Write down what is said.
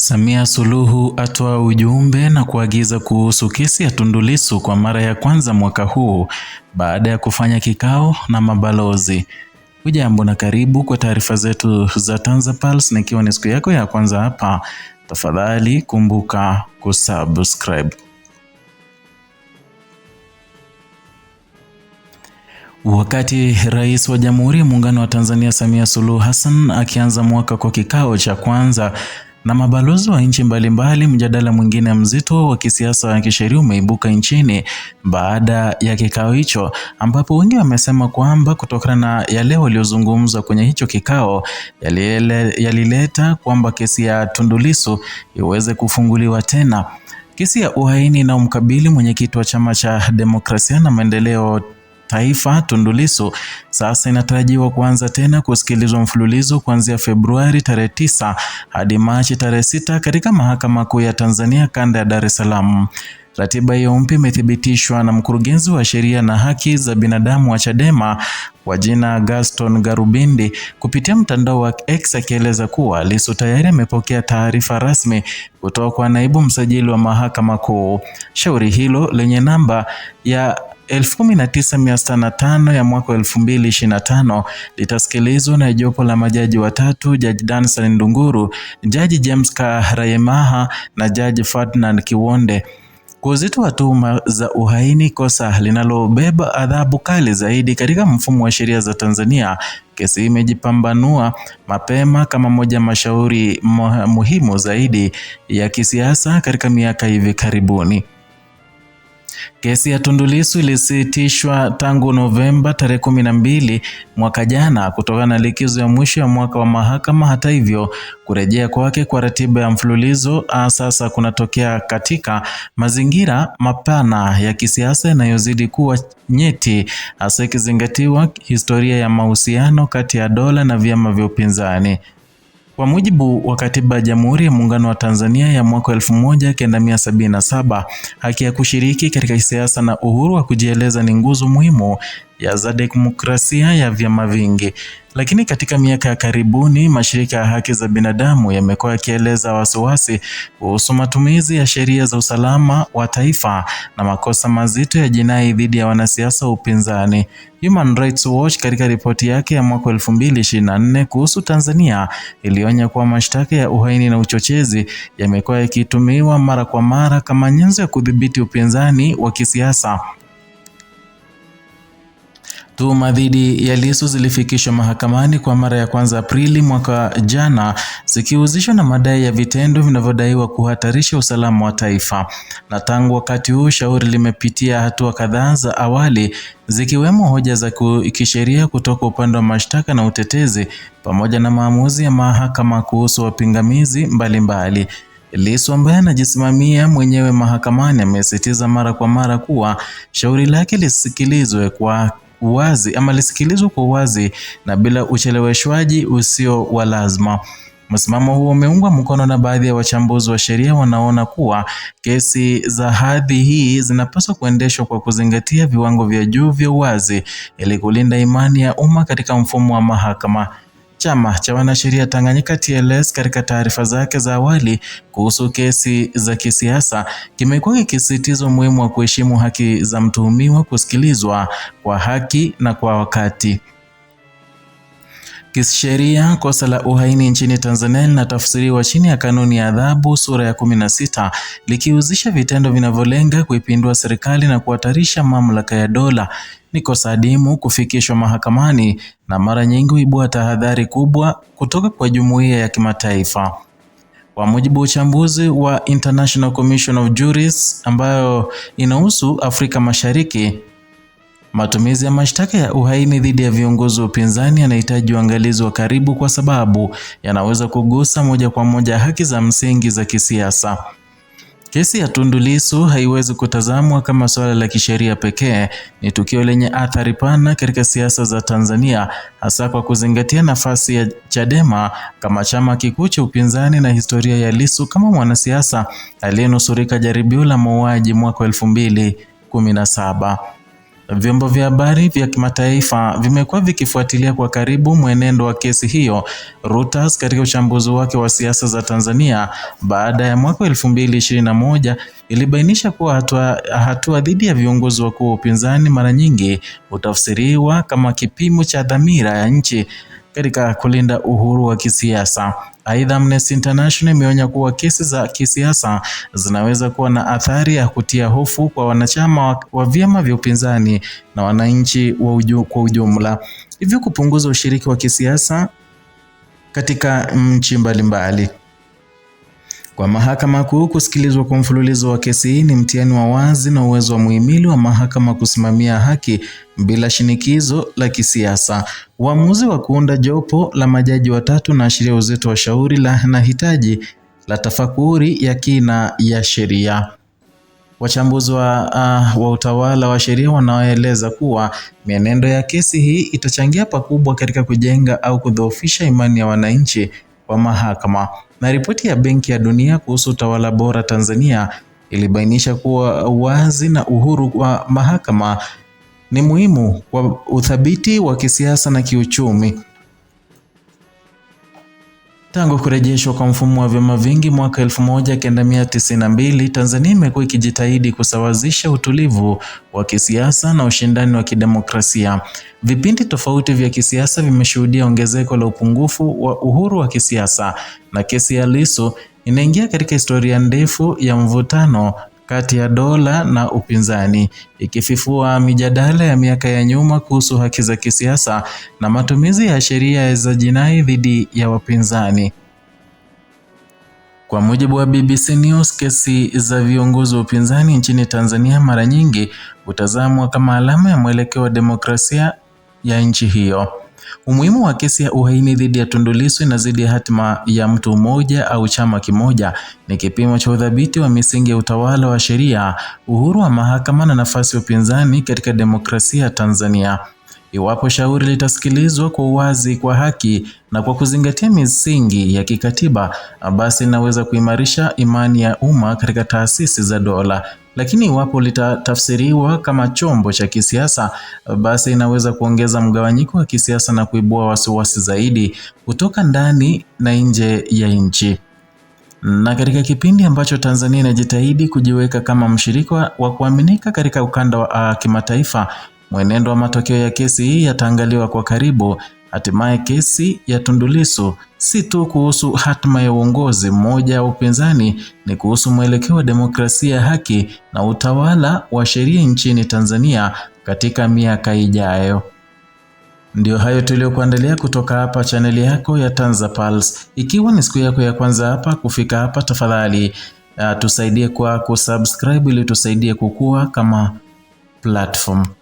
Samia Suluhu atoa ujumbe na kuagiza kuhusu kesi ya Tundu Lissu kwa mara ya kwanza mwaka huu baada ya kufanya kikao na mabalozi. Hujambo na karibu kwa taarifa zetu za TanzaPulse, nikiwa ni siku yako ya kwanza hapa, tafadhali kumbuka kusubscribe. Wakati Rais wa Jamhuri ya Muungano wa Tanzania Samia Suluhu Hassan akianza mwaka kwa kikao cha kwanza na mabalozi wa nchi mbalimbali. Mjadala mwingine mzito wa kisiasa wa kisheria umeibuka nchini baada ya kikao hicho, ambapo wengi wamesema kwamba kutokana na yale waliozungumza kwenye hicho kikao yalileta kwamba kesi ya Tundu Lissu iweze kufunguliwa tena. Kesi ya uhaini inayomkabili mwenyekiti wa chama cha demokrasia na maendeleo taifa Tundu Lissu sasa inatarajiwa kuanza tena kusikilizwa mfululizo kuanzia Februari tarehe tisa hadi Machi tarehe sita katika Mahakama Kuu ya Tanzania kanda ya Dar es Salaam. Ratiba hiyo mpya imethibitishwa na mkurugenzi wa sheria na haki za binadamu wa Chadema kwa jina Gaston Garubindi kupitia mtandao wa X akieleza kuwa Lissu tayari amepokea taarifa rasmi kutoka kwa naibu msajili wa mahakama kuu. Shauri hilo lenye namba ya 19605 ya mwaka 2025 litasikilizwa na jopo la majaji watatu, Jaji Danson Ndunguru, Jaji James Karayemaha na Jaji Ferdinand Kiwonde kwa uzito wa tuhuma za uhaini, kosa linalobeba adhabu kali zaidi katika mfumo wa sheria za Tanzania. Kesi imejipambanua mapema kama moja mashauri muhimu zaidi ya kisiasa katika miaka hivi karibuni. Kesi ya Tundu Lissu ilisitishwa tangu Novemba tarehe kumi na mbili mwaka jana kutokana na likizo ya mwisho ya mwaka wa mahakama. Hata hivyo, kurejea kwake kwa ratiba ya mfululizo sasa kunatokea katika mazingira mapana ya kisiasa yanayozidi kuwa nyeti, hasa ikizingatiwa historia ya mahusiano kati ya dola na vyama vya upinzani. Kwa mujibu wa Katiba ya Jamhuri ya Muungano wa Tanzania ya mwaka 1977, haki ya kushiriki katika siasa na uhuru wa kujieleza ni nguzo muhimu ya za demokrasia ya vyama vingi. Lakini katika miaka ya karibuni, mashirika ya haki za binadamu yamekuwa yakieleza wasiwasi kuhusu matumizi ya sheria za usalama wa taifa na makosa mazito ya jinai dhidi ya wanasiasa wa upinzani. Human Rights Watch katika ripoti yake ya mwaka 2024 kuhusu Tanzania ilionya kuwa mashtaka ya uhaini na uchochezi yamekuwa yakitumiwa mara kwa mara kama nyenzo ya kudhibiti upinzani wa kisiasa Tuhuma dhidi ya Lissu zilifikishwa mahakamani kwa mara ya kwanza Aprili mwaka jana, zikihusishwa na madai ya vitendo vinavyodaiwa kuhatarisha usalama wa taifa. Na tangu wakati huu, shauri limepitia hatua kadhaa za awali, zikiwemo hoja za kisheria kutoka upande wa mashtaka na utetezi, pamoja na maamuzi ya mahakama kuhusu wapingamizi mbalimbali. Lissu ambaye anajisimamia mwenyewe mahakamani amesisitiza mara kwa mara kuwa shauri lake lisikilizwe kwa uwazi ama lisikilizwe kwa uwazi na bila ucheleweshwaji usio wa lazima. Msimamo huo umeungwa mkono na baadhi ya wachambuzi wa sheria wanaona kuwa kesi za hadhi hii zinapaswa kuendeshwa kwa kuzingatia viwango vya juu vya uwazi ili kulinda imani ya umma katika mfumo wa mahakama. Chama cha wanasheria Tanganyika TLS katika taarifa zake za awali kuhusu kesi za kisiasa kimekuwa kikisisitiza umuhimu wa kuheshimu haki za mtuhumiwa kusikilizwa kwa haki na kwa wakati. Kisheria, kosa la uhaini nchini Tanzania linatafsiriwa chini ya kanuni ya adhabu sura ya 16 likihusisha vitendo vinavyolenga kuipindua serikali na kuhatarisha mamlaka ya dola. Ni kosa adimu kufikishwa mahakamani na mara nyingi huibua tahadhari kubwa kutoka kwa jumuiya ya kimataifa. Kwa mujibu wa uchambuzi wa International Commission of Juries ambayo inahusu Afrika Mashariki, Matumizi ya mashtaka ya uhaini dhidi ya viongozi wa upinzani yanahitaji uangalizi wa karibu kwa sababu yanaweza kugusa moja kwa moja haki za msingi za kisiasa. Kesi ya Tundu Lissu haiwezi kutazamwa kama suala la kisheria pekee, ni tukio lenye athari pana katika siasa za Tanzania, hasa kwa kuzingatia nafasi ya Chadema kama chama kikuu cha upinzani na historia ya Lissu kama mwanasiasa aliyenusurika jaribio la mauaji mwaka 2017. Vyombo vya habari vya kimataifa vimekuwa vikifuatilia kwa karibu mwenendo wa kesi hiyo. Reuters katika uchambuzi wake wa siasa za Tanzania baada ya mwaka 2021 ilibainisha kuwa hatua, hatua dhidi ya viongozi wakuu wa upinzani mara nyingi hutafsiriwa kama kipimo cha dhamira ya nchi katika kulinda uhuru wa kisiasa. Aidha, Amnesty International imeonya kuwa kesi za kisiasa zinaweza kuwa na athari ya kutia hofu kwa wanachama wa vyama vya upinzani na wananchi wa uju, kwa ujumla, hivyo kupunguza ushiriki wa kisiasa katika nchi mbalimbali kwa Mahakama Kuu. Kusikilizwa kwa mfululizo wa kesi hii ni mtihani wa wazi na uwezo wa muhimili wa mahakama kusimamia haki bila shinikizo la kisiasa. Uamuzi wa kuunda jopo la majaji watatu unaashiria uzito wa shauri la na hitaji la tafakuri ya kina ya sheria. Wachambuzi wa, uh, wa utawala wa sheria wanaoeleza kuwa mienendo ya kesi hii itachangia pakubwa katika kujenga au kudhoofisha imani ya wananchi wa mahakama. Na ripoti ya Benki ya Dunia kuhusu utawala bora Tanzania ilibainisha kuwa uwazi na uhuru wa mahakama ni muhimu kwa uthabiti wa kisiasa na kiuchumi. Tangu kurejeshwa kwa mfumo wa vyama vingi mwaka 1992, Tanzania imekuwa ikijitahidi kusawazisha utulivu wa kisiasa na ushindani wa kidemokrasia. Vipindi tofauti vya kisiasa vimeshuhudia ongezeko la upungufu wa uhuru wa kisiasa na kesi ya Lissu inaingia katika historia ndefu ya mvutano kati ya dola na upinzani ikififua mijadala ya miaka ya nyuma kuhusu haki za kisiasa na matumizi ya sheria za jinai dhidi ya wapinzani. Kwa mujibu wa BBC News, kesi za viongozi wa upinzani nchini Tanzania mara nyingi hutazamwa kama alama ya mwelekeo wa demokrasia ya nchi hiyo. Umuhimu wa kesi ya uhaini dhidi ya Tundu Lissu inazidi hatima ya mtu mmoja au chama kimoja, ni kipimo cha udhabiti wa misingi ya utawala wa sheria, uhuru wa mahakama na nafasi ya upinzani katika demokrasia ya Tanzania. Iwapo shauri litasikilizwa kwa uwazi, kwa haki na kwa kuzingatia misingi ya kikatiba, basi inaweza kuimarisha imani ya umma katika taasisi za dola lakini iwapo litatafsiriwa kama chombo cha kisiasa, basi inaweza kuongeza mgawanyiko wa kisiasa na kuibua wasiwasi zaidi kutoka ndani na nje ya nchi. Na katika kipindi ambacho Tanzania inajitahidi kujiweka kama mshirika wa kuaminika katika ukanda wa ah, kimataifa, mwenendo wa matokeo ya kesi hii yataangaliwa kwa karibu Hatimaye kesi ya Tundu Lissu si tu kuhusu hatima ya uongozi mmoja wa upinzani, ni kuhusu mwelekeo wa demokrasia, haki na utawala wa sheria nchini Tanzania katika miaka ijayo. Ndiyo hayo tuliyokuandalia kutoka hapa chaneli yako ya Tanza Pulse. Ikiwa ni siku yako ya kwanza hapa kufika hapa, tafadhali uh, tusaidie kwa kusubscribe ili tusaidie kukua kama platform.